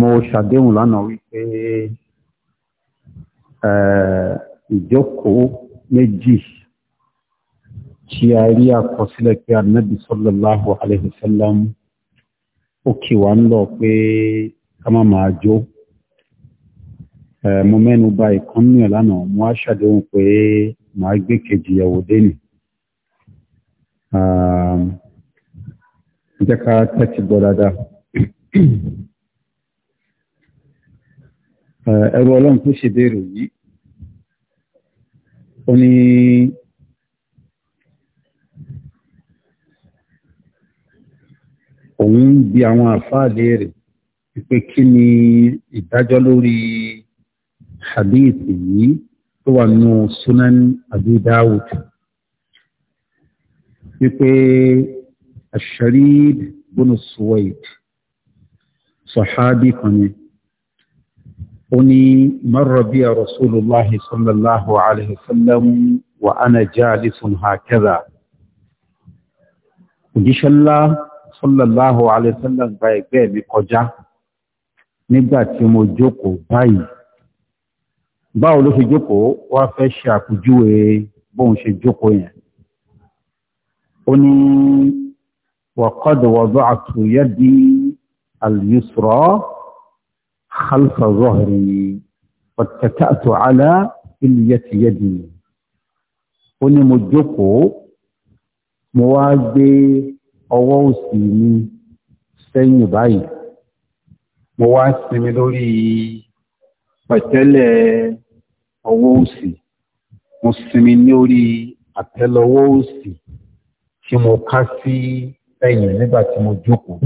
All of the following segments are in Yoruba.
mo ṣàdéhùn lánàá wípé ìjókòó méjì tí a rí àkọsílẹ̀ pé anábì sallallahu alaihi wasallam ó kì wá ń lọ pé ká má máa jó mo mẹ́nu bà ìkànnì ẹ̀ lánàá mo á ṣàdéhùn pé màá gbé kejì ẹ̀wò dénì jẹ́ ká tẹ́tí gbọ́ dáadáa ẹrù ọlọ́run tó ṣe béèrè yìí ó ní òun ń bi àwọn àfáà léèrè pé kí ni ìdájọ́ lórí hadith yìí tó wà nù sunan Abi Dawud wípé asharid bunu suwaid sahabi kan yẹn. أني مر بي رسول الله صلى الله عليه وسلم وأنا جالس هكذا òjíṣẹ́ ńlá sallallahu alaihi wasallam gba ẹgbẹ́ mi kọjá nígbà tí mo jókòó báyìí báwo ló fi jókòó wá fẹ́ ṣe àpèjúwe bóun ṣe jókòó yẹn ó ní wa qad wada'tu yadi خلف ظهري واتكأت على إلية يدي ó ní mo jókòó mo wá gbé ọwọ́ òsì mi sẹ́yìn báyìí mo wá sinmi lórí pẹ̀tẹ́lẹ̀ ọwọ́ òsì mo sinmi lórí àtẹ́lẹwọ́ òsì tí mo ká sí ẹ̀yìn nígbà tí mo jókòó.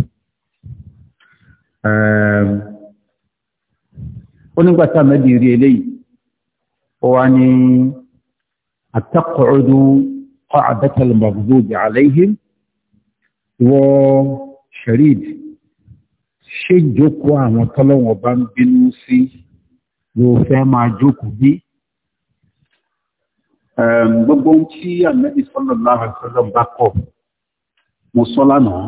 Um, ó nígbà tá mẹ́bí rí eléyìí ó wá ní àtàkùrọ̀dù qa'datal maghdubi alayhim wọ sharid ṣé jókòó àwọn tọ́lọ́wọ̀n bá ń bínú sí ló fẹ́ máa jókòó bí gbogbo ohun tí àmẹ́bí sallallahu alaihi wasallam bá kọ̀ mo sọ lánàá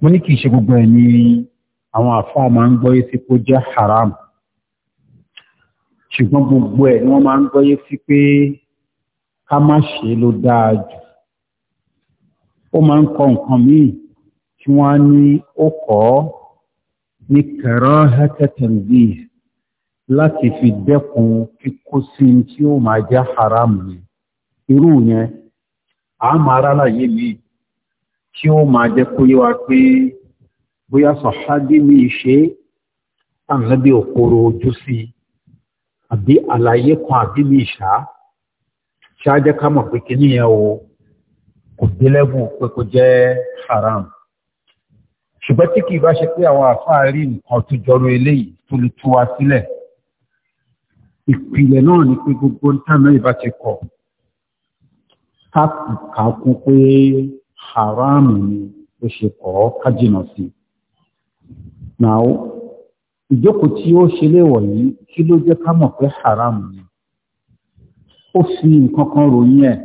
mo ní kì í ṣe gbogbo ẹ̀ ní àwọn àfáà máa ń gbọ́yé sí kó jẹ́ haram ṣùgbọ́n gbogbo ẹ̀ ni wọ́n máa ń gbọ́yé sí pé ká má ṣe ló dáa jù ó máa ń kọ nǹkan míì tí wọ́n á ní ó kọ́ ní karahata tanzih láti fi dẹ́kun kíkó sí tí ó máa jẹ́ haram ni irú yẹn àmọ́ aráàlá yé mi tí ó máa jẹ́ kó yé wa pé. bóyá sọ̀hábí mi ṣe ànábì òkoro ojú sí àbí àlàyé kan àbí mi ṣá ṣáájẹ́ ká mọ̀ pé kíní yẹn o kò délẹ́bùn pé kò jẹ́ haram ṣùgbọ́n tí kì í bá ṣe pé àwọn àfáà rí nǹkan tó jọrọ eléyìí tó lè tú wa sílẹ̀ ìpìlẹ̀ náà ni pé gbogbo ntànà ìbá ti kọ̀ ká kún pé haram ni ó ṣe kọ́ ká jìnnà sí i. Now, ìjókòó tí ó ṣe léwọ̀ yìí kí ló jẹ́ ká mọ̀ pé haram ni. Ó fi nǹkan kan ròyìn ẹ̀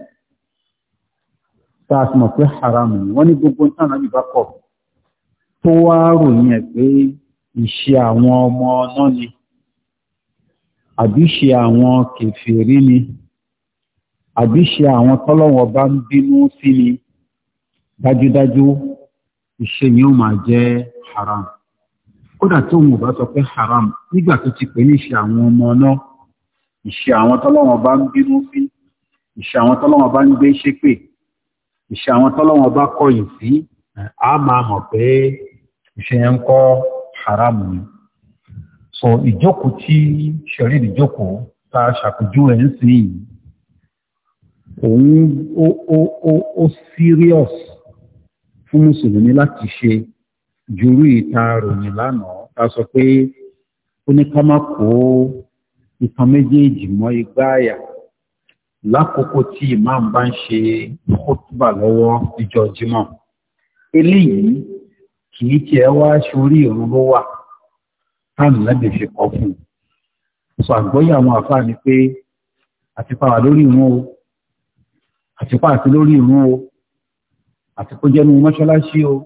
tá mọ̀ pé haram ni. Wọ́n ní gbogbo nǹkan náà bá kọ̀ tó wá ròyìn ẹ̀ ìṣe àwọn ọmọ náà ni àbí ṣe àwọn ni àbí ṣe àwọn tọ́lọ́wọ́ ni dájúdájú ìṣe ni ó haram. kódà tó wọn bá sọ pé haram nígbà tó ti pè ní ìṣe àwọn ọmọ náà ìṣe àwọn tọ́lọ́wọ́n bá ń bínú sí ìṣe àwọn tọ́lọ́wọ́n bá ń gbé ṣépè ìṣe àwọn tọ́lọ́wọ́n bá kọ̀yìn sí a máa hàn pé ìṣe yẹn ń kọ́ haram ni so ìjókòó tí ṣẹ̀rí ìjókòó ta ṣàpèjúwe ń sìn yìí òun ó serious fún mùsùlùmí láti ṣe jurú ìta ròyìn lánàá ta sọ pé ó ní ká má kó ìtàn méjèèjì mọ́ igbá àyà lákòókò tí imam bá ń ṣe kótóbà lọ́wọ́ ìjọ jímọ̀ eléyìí kì í tiẹ̀ wá sórí ìrun ló wà táàmì lẹ́bẹ̀ẹ́ fi kọ́ fún un sọ àgbọ́yé àwọn àfáà ni pé àtipa wà lórí ìrun o àtipa àti lórí ìrun o àti kó jẹ́nu o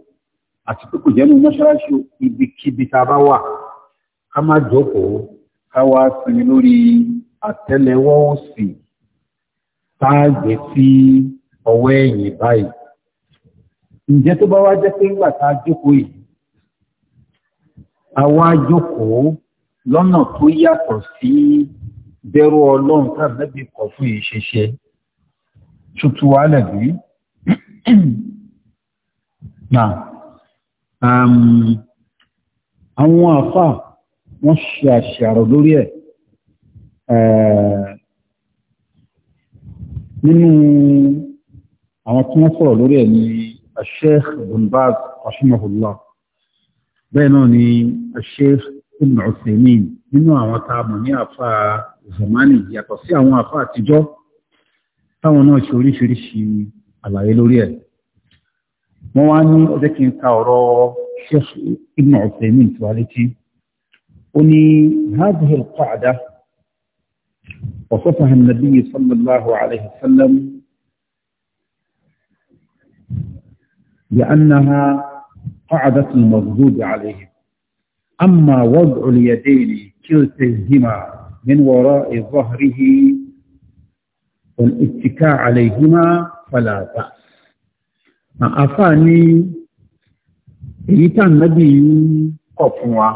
àti pé kò jẹ́nu mọ́ṣáláṣí ibikíbi tá a bá wà ká má jókòó ká wá sinmi lórí àtẹ́lẹwọ́ òsì táàgbé sí ọwọ́ ẹ̀yìn báyìí ǹjẹ́ tó bá wá jẹ́ pé ńgbà tá a jókòó yìí a wá jókòó lọ́nà tó yàtọ̀ sí bẹ̀rù ọlọ́run tàbí kọ̀ fún ìṣeṣe tuntun wàhálà bí àwọn àfà wọ́n ṣe àṣàrò lórí ẹ̀ nínú àwọn tí wọ́n sọ̀rọ̀ lórí ẹ̀ ni Sheikh Ibn Baz rahimahullah bẹ́ẹ̀ náà ni Sheikh Ibn Uthaymeen nínú àwọn tá a mọ̀ ní àfà zamani yàtọ̀ sí àwọn àfà àtijọ́ táwọn náà ṣe oríṣiríṣi àlàyé lórí ẹ̀ مواني wá كاورو شيخ ابن عثيمين ka ọ̀rọ̀ هذه ibn وصفها النبي صلى الله عليه وسلم لأنها قعدة المغضوب عليه أما وضع اليدين كلتيهما من وراء ظهره والاتكاء عليهما فلا بأس àfà ní èyí tànàbí kọ̀ fún wa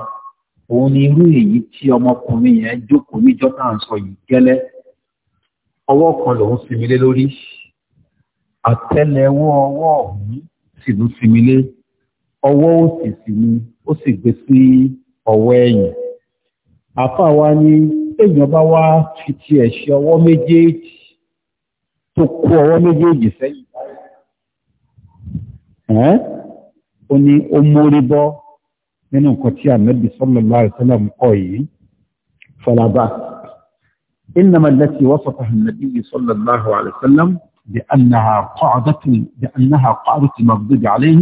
òun ni irú èyí tí ọmọkùnrin yẹn jókòó níjọ́ tá à ń sọ yìí gẹ́lẹ́ ọwọ́ kan lòun sinmi lé lórí àtẹ́lẹwọ́ ọwọ́ ọ̀hún sì ló sinmi lé ọwọ́ òsì sì ni ó sì gbé sí ọwọ́ ẹ̀yìn àfà wa ní èèyàn bá wá fi tiẹ̀ ṣe ọwọ́ méjèèjì tó kó ọwọ́ méjèèjì sẹ́yìn ó ní ó mórí bọ́ nínú nǹkan tí ànábì sallallahu alaihi wasallam yìí إنما التي وصفها النبي صلى الله عليه وسلم بأنها بأنها المغضوب عليه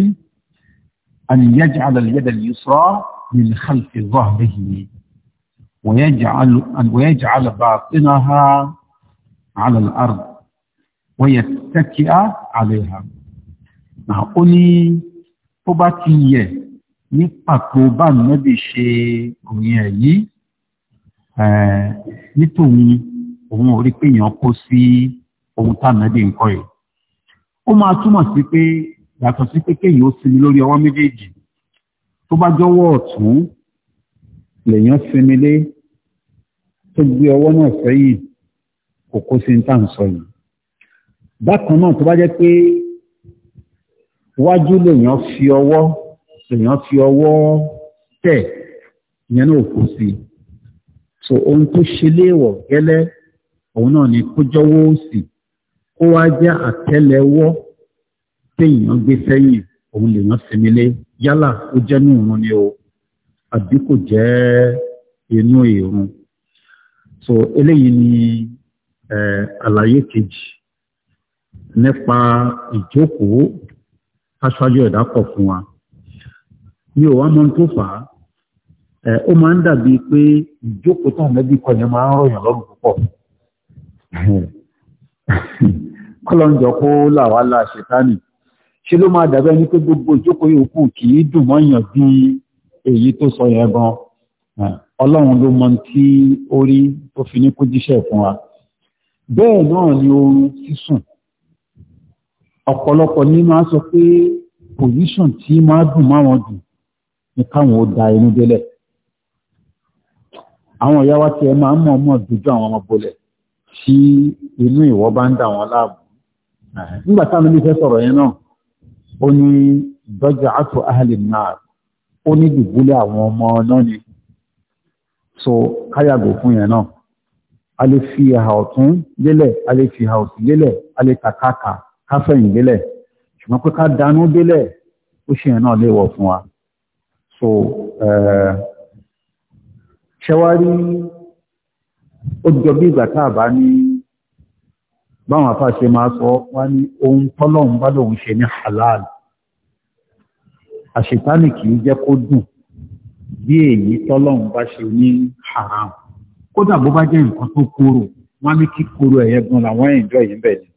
أن يجعل اليد اليسرى من خلف ظهره ويجعل أن ويجعل باطنها على الأرض ويتكئ عليها ó ní tó bá ti yẹ̀ ní pàtó bá nẹ́bì ṣe òyìn ẹ̀ yìí eh, nítòun òun ò rí pé èèyàn kó sí ohun tá nẹ́bì ń kọ́ yìí ó máa túmọ̀ sí pé yàtọ̀ sí pé kéèyàn ó sinmi lórí ọwọ́ méjèèjì tó bá jọwọ́ ọ̀tún lèèyàn sinmi lé tó gbé ọwọ́ náà sẹ́yìn kò kó sí ní tá à ń sọ yìí bákan náà tó bá jẹ́ pé wájú lèèyàn fi ọwọ́ lèèyàn fi ọwọ́ tẹ̀ ìyẹn náà kò sí so ohun tó ṣe léèwọ̀ gẹ́lẹ́ òun náà ni kó jọwọ́ òsì kó wá jẹ́ àtẹ́lẹwọ́ téèyàn gbé sẹ́yìn òun lèèyàn sinmi lé yálà ó jẹ́ ní òun ni o àbí so eléyìí ni kejì nípa ìjókòó aṣáájú ẹ̀dá kọ̀ fún wa mi ò wá mọ tó fà á ẹ ó máa ń dàbí pé ìjókòó tán lẹ́bí kan yẹn máa ń rọ̀yàn lọ́rùn púpọ̀ kọ́lọ́njọ kó làwa la ṣètánì ṣe ló máa dàbí ẹni pé gbogbo ìjókòó yòókù kì í dùn mọ́yàn bí èyí tó sọ yẹn gan ọlọ́run ló mọ tí ó rí tó fi ní kó jíṣẹ́ fún wa bẹ́ẹ̀ náà ni oorun sísùn ọ̀pọ̀lọpọ̀ ní máa sọ pé pòsíṣàn tí máa dùn máwọn dùn ní káwọn ó da inú délẹ̀ àwọn ìyá wa tiẹ̀ máa ń mọ̀ mọ̀ dojú àwọn ọmọ bolẹ̀ tí inú ìwọ bá ń dà wọn láàbù nígbà táwọn ilé fẹ́ sọ̀rọ̀ yẹn náà ó ní dọ́jà àtò ahàlì náà ó ní dùbúlẹ̀ àwọn ọmọ náà ni so káyàgò fún yẹn náà a lè fi ẹ̀hà ọ̀tún lélẹ̀ a lè fi ẹ̀hà òsì lélẹ̀ a lè kàkàkà ká fẹ̀yìn lélẹ̀ ṣùgbọ́n pé ká dánú délẹ̀ ó ṣe yẹn náà léwọ̀ fún wa so eh, ṣẹwárí ó jọ bí ìgbà tá a bá ní báwọn afáṣe máa sọ wá ní ohun tọ́lọ́run bá lòun ṣe ní halal àṣetánì kì í jẹ́ kó dùn bí èyí tọ́lọ́run bá ṣe ní haram kódà bó bá jẹ́ nǹkan tó kúrò wọ́n á ní kí kúrò ẹ̀yẹ gan làwọn ẹ̀ǹjọ́ yìí ni.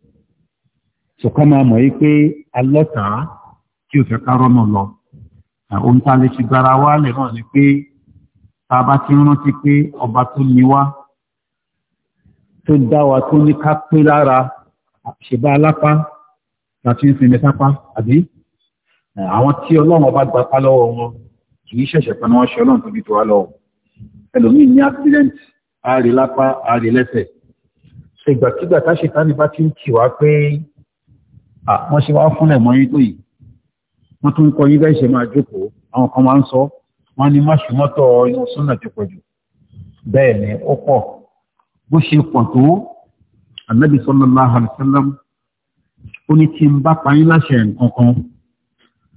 sọ̀kọ́ máa mọ̀ yí pé alọ́tàá tí ò fẹ́ ká rọ́nà lọ ohun tá a lè fi gbára wá lè náà ni pé tá a bá ti rántí pé ọba tó ní wá tó dá wa tó ní ká pé lára ṣèbá alápá láti ń sinmi sápá àbí àwọn tí ọlọ́run ọba gbapá lọ́wọ́ wọn kì í ṣẹ̀ṣẹ̀ pẹ́ ni wọ́n ṣe ọlọ́run tó bí tó wá lọ́wọ́ ẹlòmíì ní accident àárẹ̀ lápá àárẹ̀ lẹ́sẹ̀ ṣègbàkígbà táṣetánibá ti ń kì wá pé wọ́n ṣe wá fúnlẹ̀ mọ́ yín tó yìí wọ́n tún kọ yín bẹ́ẹ̀ ṣe máa jókòó àwọn kan máa ń sọ wọ́n ní máṣùmọ́tọ̀ inú súnà ti pọ̀ jù bẹ́ẹ̀ ni ó pọ̀ bó ṣe pọ̀ tó ànábì sallallahu alaihi wasallam ó ní tí n bá pa yín láṣẹ nǹkan kan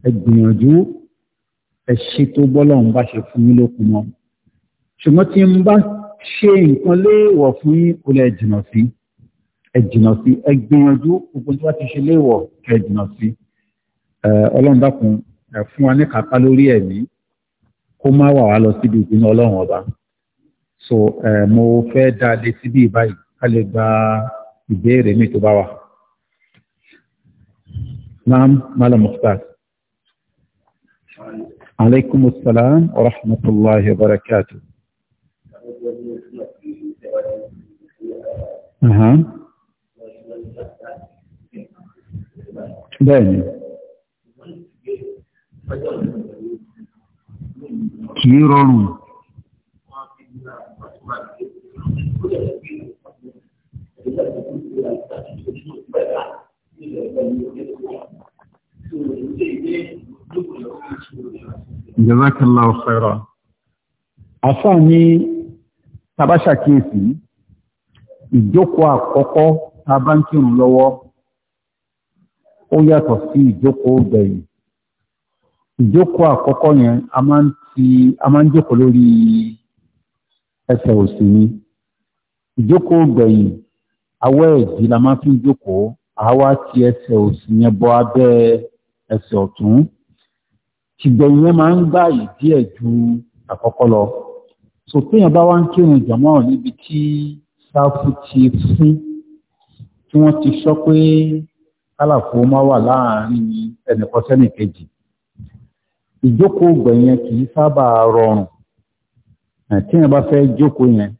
ẹ gbìyànjú ẹ ṣe tó bọ́lọ̀ ń bá ṣe fún yín lókun mọ́ ṣùgbọ́n tí n bá ṣe nǹkan léèwọ̀ fún yín kò lè jìnnà sí i ẹ jìnà sí ẹ gbìyànjú gbogbo tí wọ́n ti ṣe léèwọ̀ kẹ jìnà sí ọlọ́run dákun fún wa ní kápá lórí ẹ̀mí kó má wà wá lọ síbi ìbínú ọlọ́run ọba so mo fẹ́ dá lé síbi ìbáyìí ká lè gba ìbéèrè mi tó bá wà. Naam, Malam Mukhtar. عليكم السلام ورحمة الله وبركاته. أها. Bẹ́ẹ̀ni. Kì í rọrùn. Jazakallahu khairan. Àfáà ní tàbáṣàkíyèsí, ìjókòó àkọ́kọ́ tàbá ń kírun lọ́wọ́ ó yàtọ̀ sí ìjókòó gbẹ̀yìn ìjókòó àkọ́kọ́ yẹn a máa ń ti a máa ń jókòó lórí ẹsẹ̀ òsì ni ìjókòó gbẹ̀yìn awọ́ ẹ̀jì la máa fi ń jókòó àwa ti ẹsẹ̀ òsì yẹn bọ́ abẹ́ ẹsẹ̀ ọ̀tún ṣùgbẹ̀yìn yẹn máa ń gbààyè díẹ̀ ju àkọ́kọ́ lọ so téèyàn bá wá ń kírun jàmọ́ níbi tí sáfù ti fún tí wọ́n ti sọ pé kálàfó má wà láàrin ẹnìkan kejì ìjókòó gbẹ̀yẹn kì í sábà rọrùn tí èèyàn bá fẹ́ jókòó yẹn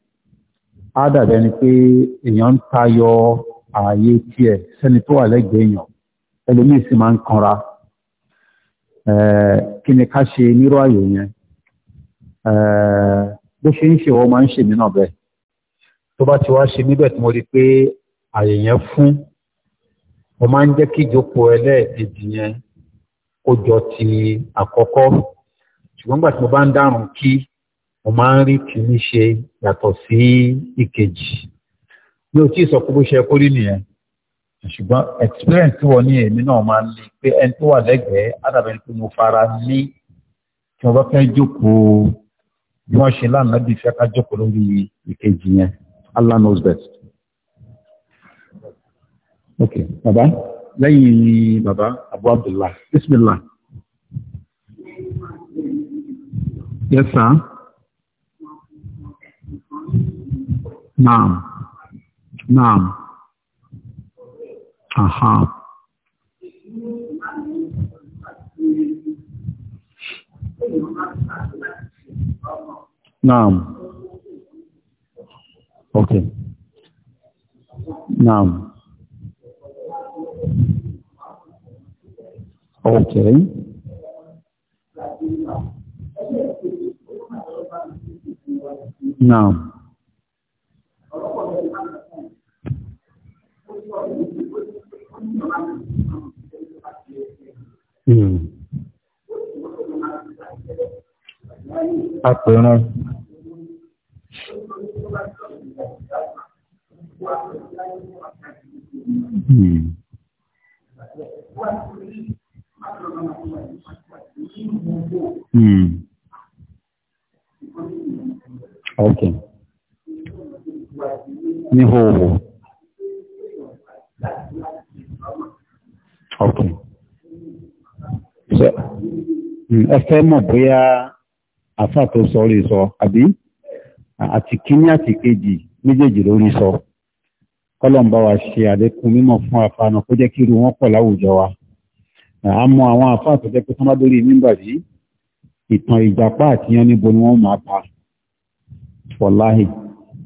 á dàbẹ̀ ni pé èèyàn ń tayọ ààyè tiẹ̀ sẹ́ni tó wà lẹ́gbẹ̀ẹ́ èèyàn ẹlòmíì sì máa ń kanra kí ni ká ṣe nírú ààyè yẹn bó ṣe ń ṣe wọ́n máa ń ṣe mí náà bẹ́ẹ̀ tó bá ti wá ṣe níbẹ̀ tí mo rí pé ààyè yẹn fún mo máa ń jẹ́ kí ìjókòó ẹlẹ́ẹ̀kejì yẹn ó jọ ti àkọ́kọ́ ṣùgbọ́n gbà tí mo bá ń dárùn kí mo máa ń rí kìíní ṣe yàtọ̀ sí ìkejì mi ò tí ì sọ pé bó ṣe kó rí nìyẹn ṣùgbọ́n experience tí wọ́n ní èmi náà máa ń lé pé ẹni tó wà lẹ́gbẹ̀ẹ́ ádàbẹ̀ ni pé mo fara ní tí wọ́n bá fẹ́ jókòó bí wọ́n ṣe lánàá bí fẹ́ ká jókòó lórí ìkejì yẹn Allah knows best ok Baba. lẹ́yìn Baba. abu abdullah bismillah yes sir naam naam aha naam okay naam. ok Now. Hmm. Àpẹẹrẹ. Hmm. ok ní hóhó ok so mm, ẹ fẹ́ mọ̀ bóyá àfà tó sọ rí sọ àbí àti kíní àti kejì méjèèjì lórí sọ kọ́lọ̀mbá wa ṣe àlékún mímọ̀ fún àfà náà kó jẹ́ kí irú wọn pọ̀ láwùjọ wa a mọ àwọn àfà tó jẹ́ pé tán bá yìí ìtàn ìjàpá àti yán níbo ni wọ́n máa pa wọláhì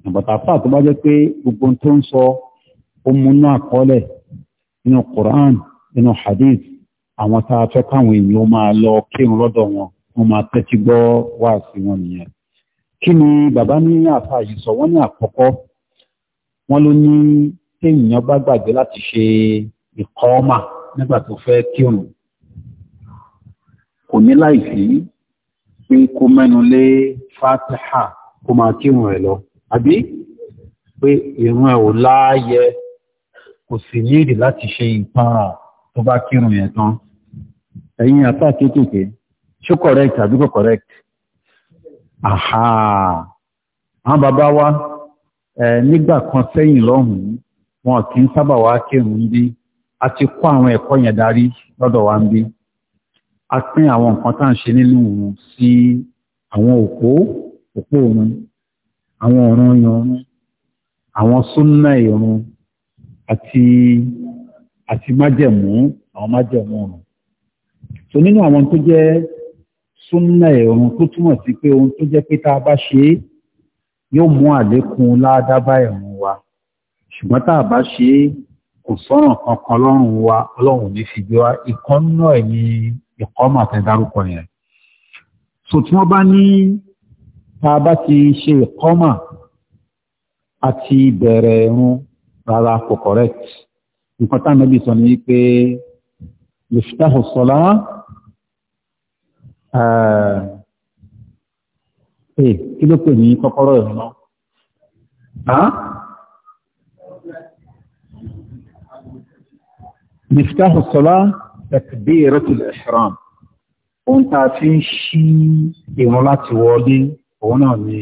àbàtàfà tó bá jẹ́ pé gbogbo tó ń sọ ó múnú àkọọ́lẹ̀ nínú Quran nínú hadith àwọn tá a fẹ́ káwọn èèyàn ó máa lọ kírun lọ́dọ̀ wọn wọ́n máa tẹ́tí gbọ́ wá sí wọn nìyẹn kí ni bàbá ní àfa yìí sọ wọ́n ní àkọ́kọ́ wọ́n ló ní téèyàn bá gbàgbé láti ṣe ìkọ́ọ́mà nígbà tó fẹ́ kírun kò ní láì pé kó mẹ́nu lé fatiha kó máa kírun ẹ̀ lọ àbí pé ìrun ẹ̀ ò láàyè kò sì ní èdè láti ṣe ìpara tó bá kírun yẹn tán ẹ̀yin apá kéékèèké ṣó correct àbí kò correct aha àwọn bàbá wa nígbà kan sẹ́yìn lọ́hùn-ún wọn kì í sábà wá kírun ń bí a ti kó àwọn ẹ̀kọ́ yẹn darí lọ́dọ̀ wa ń bí a pín àwọn nǹkan tá à ń ṣe nínú òun sí àwọn òpó òpó òrun àwọn ọ̀ràn yọrun àwọn súnnà ìrun àti àti májẹ̀mú àwọn májẹ̀mú ọ̀run so nínú àwọn tó jẹ́ súnnà ìrun tó túmọ̀ sí pé ohun tó jẹ́ pé tá a bá ṣe é yóò mú àlékún ládàbà ìrun wa ṣùgbọ́n tá a bá ṣe é kò sọ̀rọ̀ kankan lọ́rùn wa ọlọ́run ní fi gbé wa ìkọ́nú ẹ̀yìn ìkọ́mọ̀ àtẹ̀dárúkọ yẹn so tí bá ní tá a bá ti ṣe ìkọ́mà àti bẹ̀rẹ̀ ẹ̀rún rárá kò correct nǹkan tá ànábì sọ ni pé yuftahu sọlá ẹ̀ kí ló pè ní kọ́kọ́rọ́ ẹ̀rún náà مفتاح الصلاة تكبيرة الإحرام وانت عارفين شيء إمامات وولي òun náà ni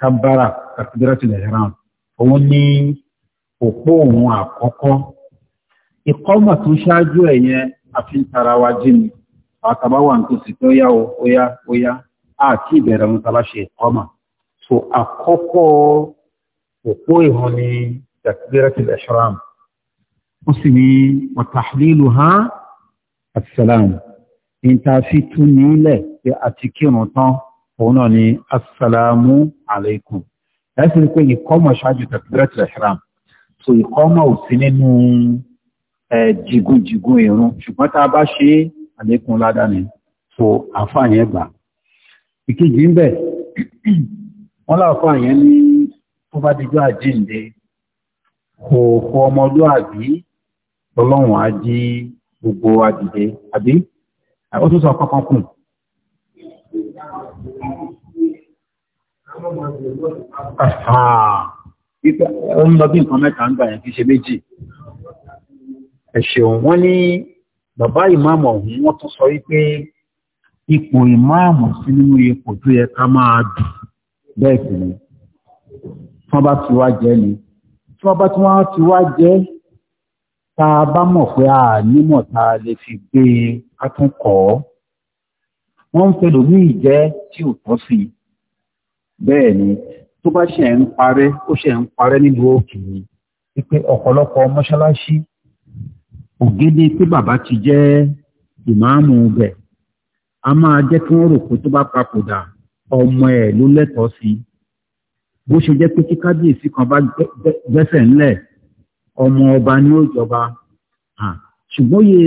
kábàrà kàfídírátìlì ìran òun ní òpó òun àkọ́kọ́ ìkọ́mọ̀ tó ṣáájú ẹ̀yẹ àfihàntara ni àtàbá wà ní tó yá o ó àti ìbẹ̀rẹ̀ ohun tàbá ìkọ́mọ̀ àkọ́kọ́ òpó ìhun ni kàfídírátìlì ìran ó sì ní ha àti sàlámù nílẹ̀ àti kírun òun náà ni assalamu alaikum ẹ̀sìn pé ìkọ́mọ̀ ṣáájú takbiratul ihram so ìkọ́mọ̀ ò sí nínú jìgúnjìgún ìrun ṣùgbọ́n tá a bá ṣe àlékún ládá ni so àǹfààní ẹgbà ìkejì ń bẹ wọ́n láǹfààní ní tó bá dijọ́ àjíǹde kò kọ ọmọlúàbí ọlọ́run á jí gbogbo àdìde àbí ó tún sọ kankan ó ń lọ bí nǹkan mẹ́ta ń gbà yẹn kí ṣe méjì ẹ ṣeun wọ́n ní bàbá ìmáàmù ọ̀hún wọ́n tún sọ wípé ipò ìmáàmù sí nínú ipò tó yẹ ká máa dùn bẹ́ẹ̀ sì ni tí wọ́n bá ti wá jẹ́ ni tí bá ti wá ti wá jẹ́ tá a bá mọ̀ pé a nímọ̀ tá a lè fi gbé e, a wọ́n ń fẹ́lò ní ìjẹ́ tí ò tọ́ sí bẹ́ẹ̀ ni tó bá ṣe ń parẹ́ ó ṣe ń parẹ́ nílùú òkè ni wípé ọ̀pọ̀lọpọ̀ mọ́ṣáláṣí ògede pé bàbá ti jẹ́ ìmáàmù bẹ̀ a máa jẹ́ kí wọ́n rò pé tó bá papòdà ọmọ ẹ̀ ló lẹ́tọ̀ọ́ sí bó ṣe jẹ́ pé kí kábíyèsí kan bá gbẹ́sẹ̀ ńlẹ̀ ọmọ ọba ni ó jọba ṣùgbọ́n yẹ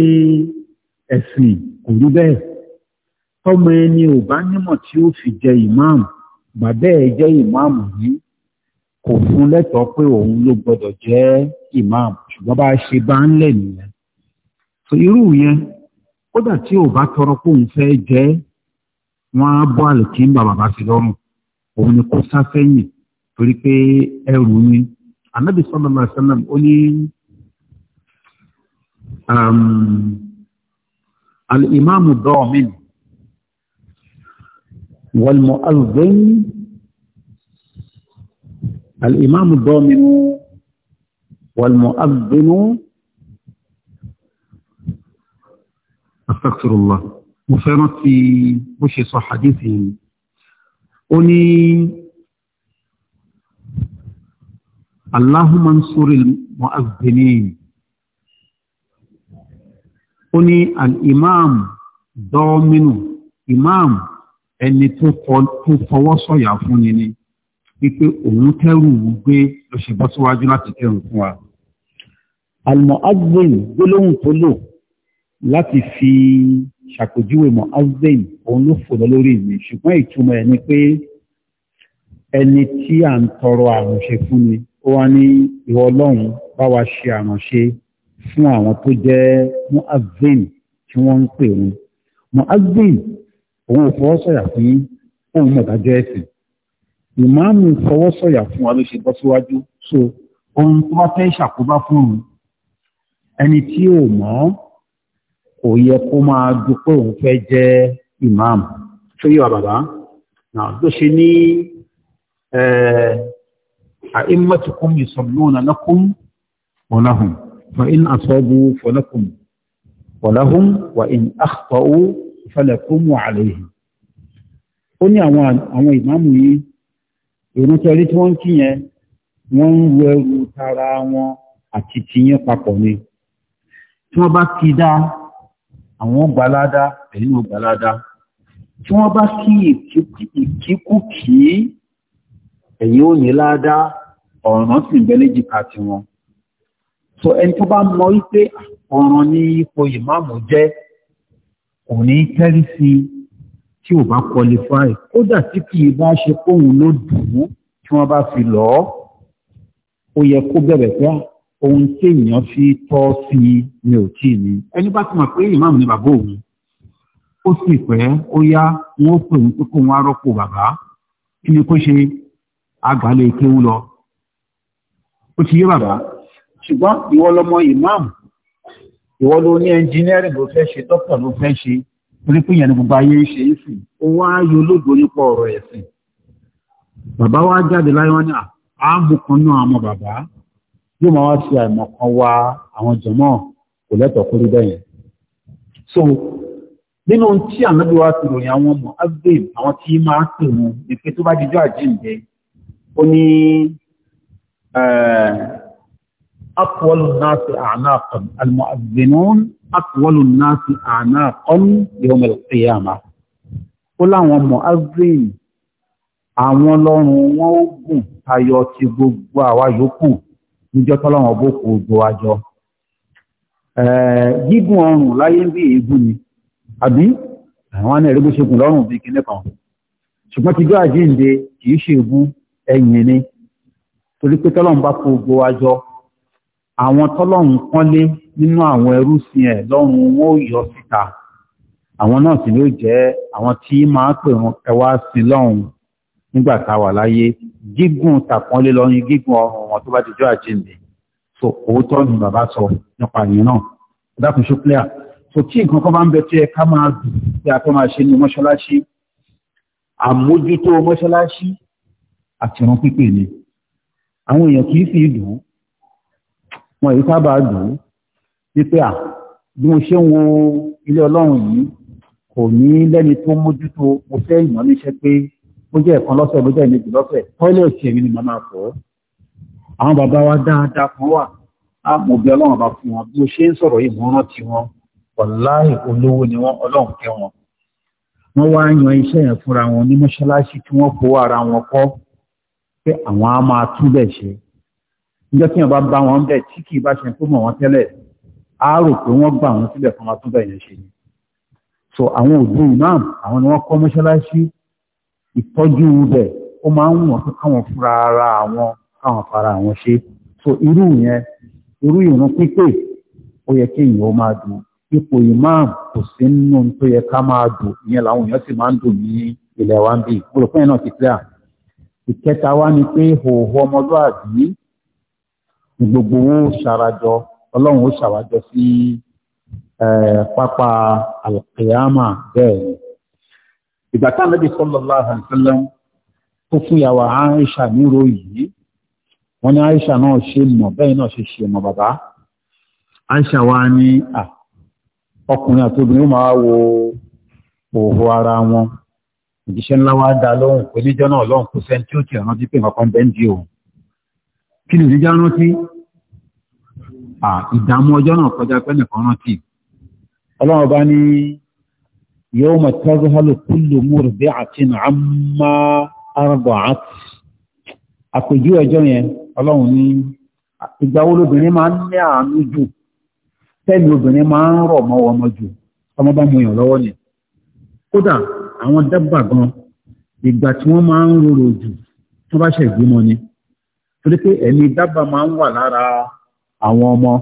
ẹ̀sìn kò rí bẹ́ẹ̀ tọ́mọ ẹni ò bá nímọ̀ tí ó fi jẹ ìmáàmù bàbá ẹ̀ jẹ́ ìmáàmù yìí kò fún lẹ́tọ̀ọ́ pé òun ló gbọ́dọ̀ jẹ́ ìmáàmù ṣùgbọ́n bá a ṣe bá ń lẹ̀ nìyẹn so irú yẹn kódà tí ò bá tọrọ pé òun fẹ́ jẹ́ wọ́n á bọ́ àlùkìńbà bàbá sí lọ́rùn òun ni kò sá sẹ́yìn torí pé ẹrù ni anabi sallallahu alaihi wasallam ó ní um, al-imamu والمؤذن الإمام الضامن والمؤذن أستغفر الله وفرت في وش صح حديثهم أني اللهم انصر المؤذنين أني الإمام ضامن إمام ẹni tó fọwọ́ sọ̀yà fún ni ni wípé òun kẹ́rù gbé ló ṣe bọ́ síwájú láti kẹ́rù fún wa. Al-Mu'azzin gbólóhùn tó lò láti fi ṣàpèjúwe Mu'azzin òun ló fòlọ́ lórí mi ṣùgbọ́n ìtumọ̀ ẹ̀ ni pé ẹni tí à ń tọrọ àránṣe fún ni ó wá ní ìwọ ọlọ́run bá wa ṣe àránṣe fún àwọn tó jẹ́ Mu'azzin tí wọ́n ń pè wọn. Mu'azzin òun ò fọwọ́ sọ̀yà fún òun mọ̀tà jẹ́ ẹ̀sìn ìmáàmù fọwọ́ sọ̀yà fún wa ló ṣe bọ́ so ohun tó bá fẹ́ ṣàkóbá fún òun ẹni tí ò mọ̀ kò yẹ kó máa dúpẹ́ òun fẹ́ jẹ́ ìmáàmù tó yíwa bàbá náà ló ṣe ní a'immatukum yusalluna wa in asabu fa lakum wa in akhta'u falakumu alayhi ó ní àwọn àwọn ìmáàmù yìí ìrun tẹrí tí wọ́n ń kí yẹn wọ́n ń wo ẹrù tara wọn àti tiyẹn papọ̀ ni tí wọ́n bá kí dá àwọn gbalada ẹ̀yìn gbalada tí wọ́n bá kí ìkíkúkí ẹ̀yìn ò ní láadá ọ̀ràn sì ń bẹ́lẹ́jì ká ti wọn so ẹni tó bá mọ wípé ọ̀ràn ní ipò ìmáàmù jẹ́ kò ní tẹ́rí sí i tí ò bá qualify kódà tí kì í bá ṣe kóhun ló dùn ún tí wọ́n bá fi lọ ọ́ ó yẹ kó bẹ̀rẹ̀ pé ohun tí èèyàn fi tọ́ sí i ni ò tí ì ní ẹni bá ti mọ̀ pé ìmáàmù ni bàbá òun ó sì pẹ́ ó yá wọn ó pè ní pé kóhun á rọ́pò bàbá kí ni kó ṣe àgbálẹ̀ e kéwú lọ ó ti yé bàbá ṣùgbọ́n ìwọ lọmọ ìmáàmù ìwọ ló ní ẹnjìnírìn ló fẹ́ ṣe dókítà ló fẹ́ ṣe torí pé ìyẹn ni gbogbo ayé ń ṣe é sìn ó wá ayé olóògbé nípa ọ̀rọ̀ ẹ̀sìn bàbá wa jáde láyé wọn ní àmú kan náà àmọ́ bàbá yóò máa wá ṣe àìmọ̀kan wa àwọn jọmọ́ kò lẹ́tọ̀ọ́ kórí bẹ́yẹn so nínú ohun tí ànábì wa ti ròyìn àwọn ọmọ agbègbè àwọn tí máa ń pè wọn ní pé tó bá dijọ́ àjíǹde ó ní أطول الناس أعناقا المؤذنون أطول الناس أعناقا يوم القيامة ó مؤذن. mọ̀ázìn àwọn ọlọ́run wọn ó gùn tayọ ti gbogbo àwa yòókù níjọ́ tọ́lọ́run ọbọ̀ kò gbò àjọ gígùn ọrùn láyé ń bí èébú ni àbí àwọn anẹ́rí bó ṣe lọ́rùn bí kinní kan ṣùgbọ́n ti jọ́ àjíǹde kì í ṣe ẹ̀yìn ni torí pé tọ́lọ́run bá kò gbò àjọ àwọn tọ́lọ́run pọ́nlé nínú àwọn ẹrú sí ẹ̀ lọ́rùn wọn ò yọ síta àwọn náà sì ló jẹ́ àwọn tí máa pè wọn ẹwà sí lọ́run nígbà tá a wà láyé gígùn tàpọ́nlé lọ́rin gígùn ọrùn wọn tó bá ti jọ so òótọ́ ni bàbá sọ nípa ìyẹn náà dákun ṣó clear so tí nǹkan kan bá ń bẹ tí ẹ ká máa dùn tí a tó máa ṣe ní mọ́ṣáláṣí àmójútó mọ́ṣáláṣí àti pípé ni àwọn èèyàn kì í fi dùn wọn èyí sábà dùn wípé à bí mo ṣe ń wo ilé ọlọ́run yìí kò ní lẹ́ni tó mójútó mo fẹ́ ìmọ̀ níṣẹ́ pé ó jẹ́ ẹ̀kan lọ́sẹ̀ ló jẹ́ ìmejì lọ́sẹ̀ tọ́ílẹ̀tì ẹ̀mí ni màá máa fọ̀ àwọn bàbá wa dáadáa kan wà á mo bí ọlọ́run bá fún wọn bí mo ṣe ń sọ̀rọ̀ yìí mo rántí wọn ọ̀láì olówó ni wọ́n ọlọ́run kẹ́ wọn wọ́n wá yan iṣẹ́ yẹn fúnra wọn ní mọ́ṣáláṣí tí wọ́n fowó ara wọn kọ́ pé àwọn á máa túbẹ̀ ṣe ìjọ tí wọ́n bá bá wọn bẹ̀ tí kì í bá ṣe tó mọ̀ wọ́n tẹ́lẹ̀ á pé wọ́n gbà wọ́n síbẹ̀ fún wa tó ṣe ni so àwọn òbí imam àwọn ni wọ́n kọ́ mọ́ṣáláṣí ìtọ́jú ibẹ̀ ó máa ń wọ̀n fún káwọn fúnra ara àwọn káwọn fara àwọn ṣe so irú yẹn irú ìrun pípé ó yẹ kí èèyàn ó máa dùn ipò imam kò sí nínú tó yẹ ká máa dùn ìyẹn làwọn èèyàn sì máa ń dùn ní ilẹ̀ wa ń bì mo rò pé yẹn náà ti clear ìkẹta wa ni pé hòhò ọmọlúwàbí gbogbo wọn ó ṣarajọ ọlọ́run ó ṣàwájọ sí pápá alqiyama bẹ́ẹ̀ ni ìgbà tá nàbí sallallahu alaihi tó fún ìyàwó Aisha nírò yìí ní Aisha náà ṣe mọ̀ bẹ́ẹ̀ náà ṣe ṣe nọ bàbá Aisha wa ní à ọkùnrin àti obìnrin máa wo òhò ara wọn ìdíṣẹ́ ńlá wa dá lóhùn pé níjọ́ náà ó ti dípé kí ni ìdíjá rántí ìdààmú ọjọ́ náà kọjá pé nìkan rántí ọlọ́run bá ní yóò mọ̀ tọ́jú hálò kúlò múrù bí àti àmà àrọ̀gbọ̀ àti àpèjú ọjọ́ yẹn ọlọ́run ní ìgbà wo lóbìnrin máa ń ní àánú jù tẹ́lẹ̀ obìnrin máa ń rọ̀ mọ́ ọmọ jù ọmọ bá mu yàn lọ́wọ́ ni kódà àwọn dábàá gan ìgbà tí wọ́n máa ń rorò jù tó bá ṣẹ̀gbímọ ni. torí pé ẹ̀mí dábà máa ń wà lára àwọn ọmọ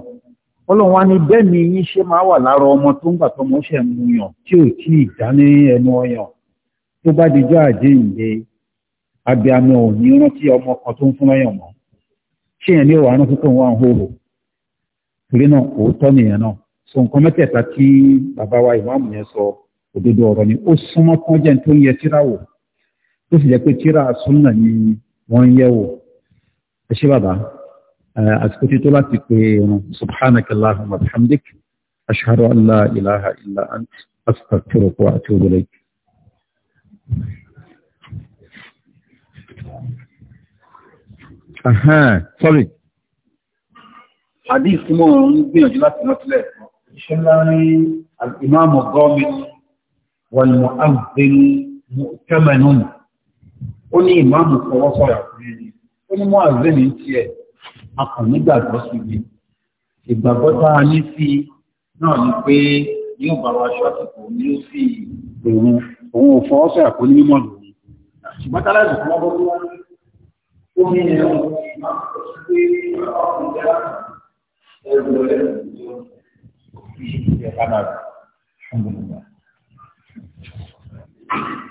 ọlọ́run wá ní bẹ́ẹ̀ni yín ṣe máa wà lára ọmọ tó ń gbà tọmọ ṣẹ̀ mú yàn tí ò tí ì dá ní ẹnu ọyàn tó bá dijọ́ abiyamọ rántí ọmọ kan tó ń fún lọ́yàn mọ́ ṣé yẹn ní tó wá ń torí náà so nǹkan mẹ́tẹ̀ẹ̀ta tí bàbá wa ìmáàmù yẹn sọ òdodo ọ̀rọ̀ ni ó súnmọ́ kán jẹ́ tó ń yẹ tó sì jẹ́ pé ni wọ́n ń yẹ̀ ẹ ṣé bàbá àsìkò tí tó láti pé ìrun subhanakallahu wa bihamdik ashhadu an la ilaha illa ant astaghfiruka wa atubu ilayk. sorry. Hadith tí mo ń gbìyànjú láti rántí ìṣẹ́lá ní al-imam al-ghamid wal-mu'adhdhin mu'tamanun. Ó ní ìmáàmù fọwọ́sọ̀rọ̀ àkùnrin ó ní mọ́ àgbẹ̀ ní tiẹ̀ a kàn nígbàgbọ́ sí i ìgbàgbọ́ tá a ní sí i náà ni pé yóò bá wa ṣọ́ọ̀tìkù ní ó sì òun òun ò fọ́ ọ́sẹ̀ àpò ní mímọ́ lòun ṣùgbọ́n tálájì fún ọgbọ́n tó ó ní ẹ̀rọ ẹ̀rọ ẹ̀rọ ẹ̀rọ